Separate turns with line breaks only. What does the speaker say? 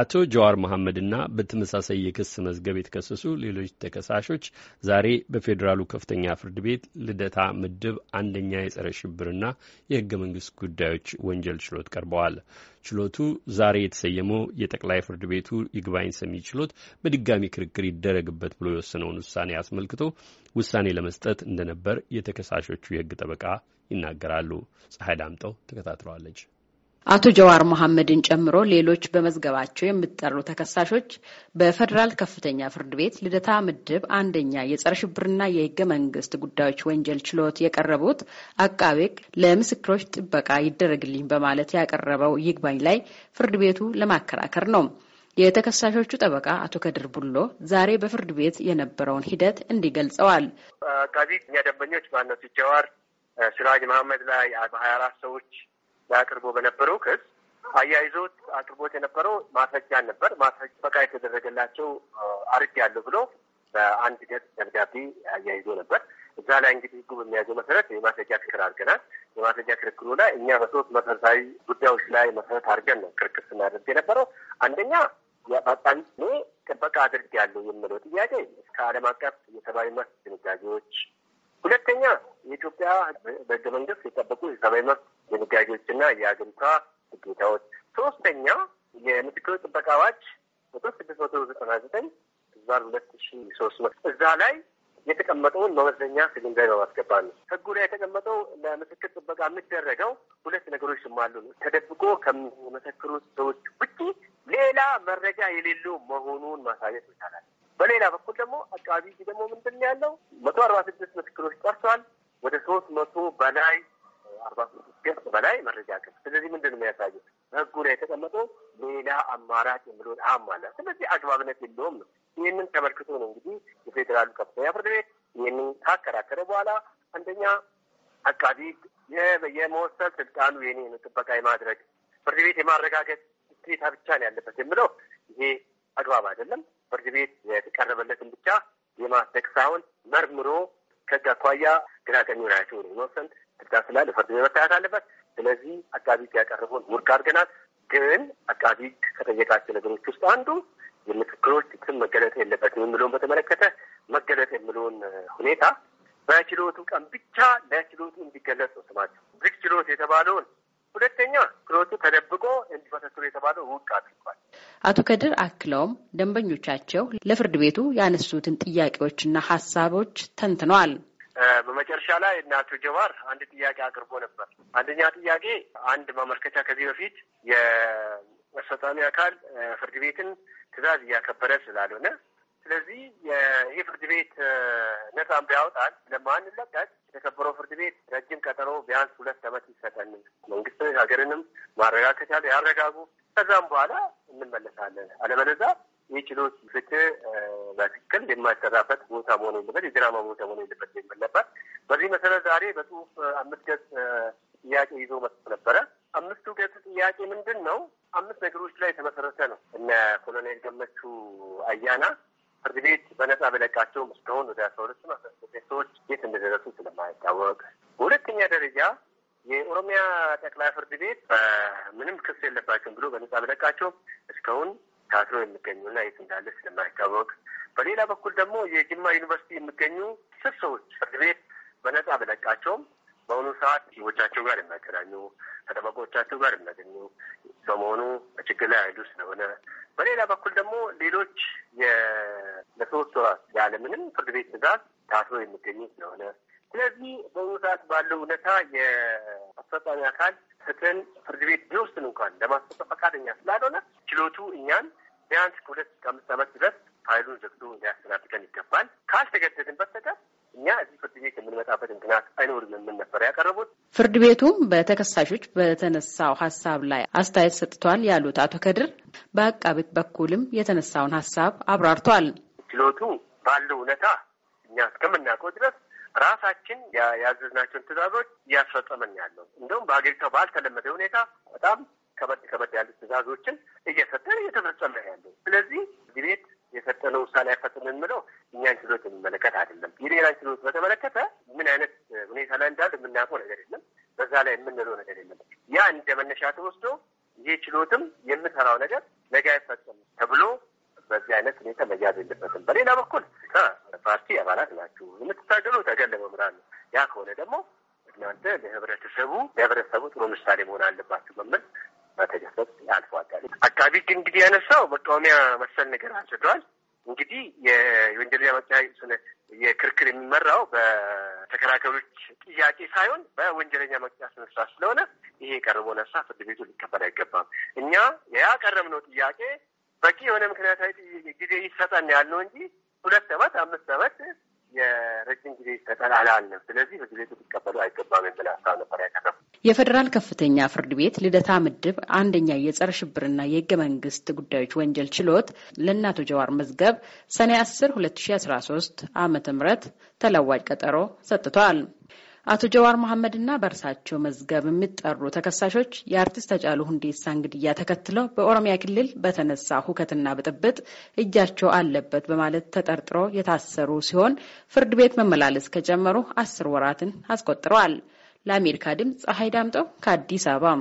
አቶ ጀዋር መሐመድና በተመሳሳይ የክስ መዝገብ የተከሰሱ ሌሎች ተከሳሾች ዛሬ በፌዴራሉ ከፍተኛ ፍርድ ቤት ልደታ ምድብ አንደኛ የጸረ ሽብርና የህገ መንግስት ጉዳዮች ወንጀል ችሎት ቀርበዋል። ችሎቱ ዛሬ የተሰየመው የጠቅላይ ፍርድ ቤቱ ይግባኝ ሰሚ ችሎት በድጋሚ ክርክር ይደረግበት ብሎ የወሰነውን ውሳኔ አስመልክቶ ውሳኔ ለመስጠት እንደነበር የተከሳሾቹ የህግ ጠበቃ ይናገራሉ። ፀሐይ ዳምጠው ተከታትለዋለች።
አቶ ጀዋር መሐመድን ጨምሮ ሌሎች በመዝገባቸው የሚጠሩ ተከሳሾች በፌዴራል ከፍተኛ ፍርድ ቤት ልደታ ምድብ አንደኛ የጸረ ሽብርና የህገ መንግስት ጉዳዮች ወንጀል ችሎት የቀረቡት አቃቤ ለምስክሮች ጥበቃ ይደረግልኝ በማለት ያቀረበው ይግባኝ ላይ ፍርድ ቤቱ ለማከራከር ነው። የተከሳሾቹ ጠበቃ አቶ ከድር ቡሎ ዛሬ በፍርድ ቤት የነበረውን ሂደት እንዲህ ገልጸዋል።
አቃቢ ደንበኞች ማነው ጀዋር፣ ሲራጅ መሐመድ ላይ በሀያ አራት ሰዎች ላይ አቅርቦ በነበረው ክስ አያይዞት አቅርቦት የነበረው ማስረጃን ነበር። ማስረጃ በቃ የተደረገላቸው አርግ ያለው ብሎ በአንድ ገጽ ደብዳቤ አያይዞ ነበር። እዛ ላይ እንግዲህ ህጉ በሚያዘው መሰረት የማስረጃ ክርክር አድርገናል። የማስረጃ ክርክሩ ላይ እኛ በሶስት መሰረታዊ ጉዳዮች ላይ መሰረት አድርገን ነው ክርክር ስናደርግ የነበረው። አንደኛ በጣም እኔ ጥበቃ አድርግ ያለው የምለው ጥያቄ እስከ ዓለም አቀፍ የሰብአዊ መብት ድንጋጌዎች፣ ሁለተኛ የኢትዮጵያ በህገ መንግስት የጠበቁ የሰብአዊ መብት የነጋዴዎችና የአገሪቷ ግዴታዎች። ሶስተኛ የምስክር ጥበቃ አዋጅ ቁጥር ስድስት መቶ ዘጠና ዘጠኝ ህዝባር ሁለት ሺ ሶስት መቶ እዛ ላይ የተቀመጠውን መመዘኛ ስግንዛይ በማስገባ ነው። ህጉ ላይ የተቀመጠው ለምስክር ጥበቃ የሚደረገው ሁለት ነገሮች አሉ ነው ተደብቆ ከሚመሰክሩት ሰዎች ውጪ ሌላ መረጃ የሌለው መሆኑን ማሳየት ይቻላል። በሌላ በኩል ደግሞ አቃቢ ደግሞ ምንድን ያለው መቶ አርባ ስድስት ምስክሮች ጠርቷል። ወደ ሶስት መቶ በላይ አርባ ገጽ በላይ መረጃ ገጽ። ስለዚህ ምንድን ነው የሚያሳየው? ህጉ ላይ የተቀመጠው ሌላ አማራጭ የሚለውን አም አለ። ስለዚህ አግባብነት የለውም ነው። ይህንን ተመልክቶ ነው እንግዲህ የፌዴራሉ ከፍተኛ ፍርድ ቤት ይህንን ካከራከረ በኋላ አንደኛ አቃቢ የመወሰን ስልጣኑ የኔ ነው፣ ጥበቃ የማድረግ ፍርድ ቤት የማረጋገጥ ግዴታ ብቻ ነው ያለበት የምለው ይሄ አግባብ አይደለም። ፍርድ ቤት የተቀረበለትን ብቻ የማስደግ ሳይሆን መርምሮ ከህግ አኳያ ግራቀኙን አይቶ ነው የመወሰን ጋር ስላለ ፍርድ ቤት መታየት አለበት። ስለዚህ አቃቢ ያቀረበውን ውድቅ አድርገናል። ግን አቃቢ ከጠየቃቸው ነገሮች ውስጥ አንዱ የምስክሮች ስም መገለጥ የለበትም የሚለውን በተመለከተ መገለጥ የምለውን ሁኔታ በችሎቱ ቀን ብቻ ለችሎቱ እንዲገለጽ ነው ስማቸው ዝግ ችሎት የተባለውን ሁለተኛ ችሎቱ ተደብቆ እንዲፈተቱ የተባለው ውቅ አድርጓል።
አቶ ከድር አክለውም ደንበኞቻቸው ለፍርድ ቤቱ ያነሱትን ጥያቄዎችና ሀሳቦች ተንትነዋል።
በመጨረሻ ላይ እነ አቶ ጀዋር አንድ ጥያቄ አቅርቦ ነበር። አንደኛ ጥያቄ አንድ ማመልከቻ ከዚህ በፊት የአስፈጻሚ አካል ፍርድ ቤትን ትዕዛዝ እያከበረ ስላልሆነ ስለዚህ ይህ ፍርድ ቤት ነፃን ቢያወጣል ለማንለቀቅ የተከበረው ፍርድ ቤት ረጅም ቀጠሮ ቢያንስ ሁለት ዓመት ይሰጠን፣ መንግስት ሀገርንም ማረጋገጥ ያረጋጉ፣ ከዛም በኋላ እንመለሳለን። አለበለዛ ይህ ችሎት ፍትህ በትክክል የማይሰራበት ቦታ መሆን የለበት፣ የድራማ ቦታ መሆን የለበት የሚል ነበር። በዚህ መሰረት ዛሬ በጽሁፍ አምስት ገጽ ጥያቄ ይዞ መጥቶ ነበረ። አምስቱ ገጽ ጥያቄ ምንድን ነው? አምስት ነገሮች ላይ የተመሰረተ ነው። እነ ኮሎኔል ገመቹ አያና ፍርድ ቤት በነጻ በለቃቸውም እስካሁን ወደ አስራ ሁለት ሰዎች የት እንደደረሱ ስለማይታወቅ፣ በሁለተኛ ደረጃ የኦሮሚያ ጠቅላይ ፍርድ ቤት ምንም ክስ የለባቸውም ብሎ በነጻ በለቃቸው እስካሁን ታስሮ የሚገኙና የት እንዳለ ስለማይታወቅ፣ በሌላ በኩል ደግሞ የጅማ ዩኒቨርሲቲ የሚገኙ ስር ሰዎች ፍርድ ቤት በነጻ በለቃቸውም በአሁኑ ሰዓት ህይወቻቸው ጋር የሚያገናኙ ከጠበቆቻቸው ጋር የሚያገኙ በመሆኑ በችግር ላይ ያሉ ስለሆነ፣ በሌላ በኩል ደግሞ ሌሎች ለሶስት ወራት ያለምንም ፍርድ ቤት ትዕዛዝ ታስሮ የሚገኙ ስለሆነ ስለዚህ በአሁኑ ሰዓት ባለው እውነታ የአስፈጻሚ አካል አስከትለን ፍርድ ቤት ቢወስን እንኳን ለማስፈጸም ፈቃደኛ ስላልሆነ ችሎቱ እኛን ቢያንስ ከሁለት ከአምስት ዓመት ድረስ ፋይሉን ዘግቶ ሊያስተናግደን ይገባል። ካልተገደድን በስተቀር እኛ እዚህ ፍርድ ቤት የምንመጣበት ምክንያት አይኖርም የምን ነበር ያቀረቡት።
ፍርድ ቤቱም በተከሳሾች በተነሳው ሀሳብ ላይ አስተያየት ሰጥቷል ያሉት አቶ ከድር በአቃቤት በኩልም የተነሳውን ሀሳብ አብራርቷል።
ችሎቱ ባለው እውነታ እኛ እስከምናውቀው ድረስ ራሳችን ያዘዝናቸውን ትእዛዞች እያስፈጸምን ያለው እንደውም በሀገሪቷ ባልተለመደ ሁኔታ በጣም ከበድ ከበድ ያሉ ትእዛዞችን እየሰጠን እየተፈጸመ ያለው። ስለዚህ ቤት የሰጠነው ውሳኔ አይፈጽም የምለው እኛን ችሎት የሚመለከት አይደለም። የሌላን ችሎት በተመለከተ ምን አይነት ሁኔታ ላይ እንዳለ የምናውቀው ነገር የለም። በዛ ላይ የምንለው ነገር የለም። ያ እንደ መነሻ ተወስዶ ይሄ ችሎትም የምሰራው ነገር ሁኔታ መያዝ የለበትም። በሌላ በኩል ፓርቲ አባላት ናችሁ የምትታገሉ ተገን ለመምራት ነው። ያ ከሆነ ደግሞ እናንተ ለህብረተሰቡ ለህብረተሰቡ ጥሩ ምሳሌ መሆን አለባችሁ በምል መተጀሰብ ያልፏል። አቃቢ ህግ እንግዲህ ያነሳው መቃወሚያ መሰል ነገር አንስተዋል። እንግዲህ የወንጀለኛ መቅጫ የክርክር የሚመራው በተከራካሪዎች ጥያቄ ሳይሆን በወንጀለኛ መቅጫ ስነ ስለሆነ ይሄ የቀረበውን ነሳ ፍርድ ቤቱ ሊቀበል አይገባም። እኛ ያቀረብነው ጥያቄ በቂ የሆነ ምክንያታዊ ጊዜ ይሰጠን ያልነው እንጂ ሁለት ዓመት አምስት ዓመት የረጅም ጊዜ ይሰጠን አላለም። ስለዚህ ፍርድ ቤቱ ሊቀበሉ አይገባም የሚል ሀሳብ ነበር ያቀረቡ።
የፌዴራል ከፍተኛ ፍርድ ቤት ልደታ ምድብ አንደኛ የጸረ ሽብርና የህገ መንግስት ጉዳዮች ወንጀል ችሎት ለእናቶ ጀዋር መዝገብ ሰኔ አስር ሁለት ሺ አስራ ሶስት ዓመተ ምህረት ተለዋጭ ቀጠሮ ሰጥቷል። አቶ ጀዋር መሐመድና በእርሳቸው መዝገብ የሚጠሩ ተከሳሾች የአርቲስት ሃጫሉ ሁንዴሳ እንግድያ ተከትለው በኦሮሚያ ክልል በተነሳ ሁከትና ብጥብጥ እጃቸው አለበት በማለት ተጠርጥሮ የታሰሩ ሲሆን ፍርድ ቤት መመላለስ ከጀመሩ አስር ወራትን አስቆጥረዋል። ለአሜሪካ ድምፅ ፀሐይ ዳምጠው ከአዲስ አበባ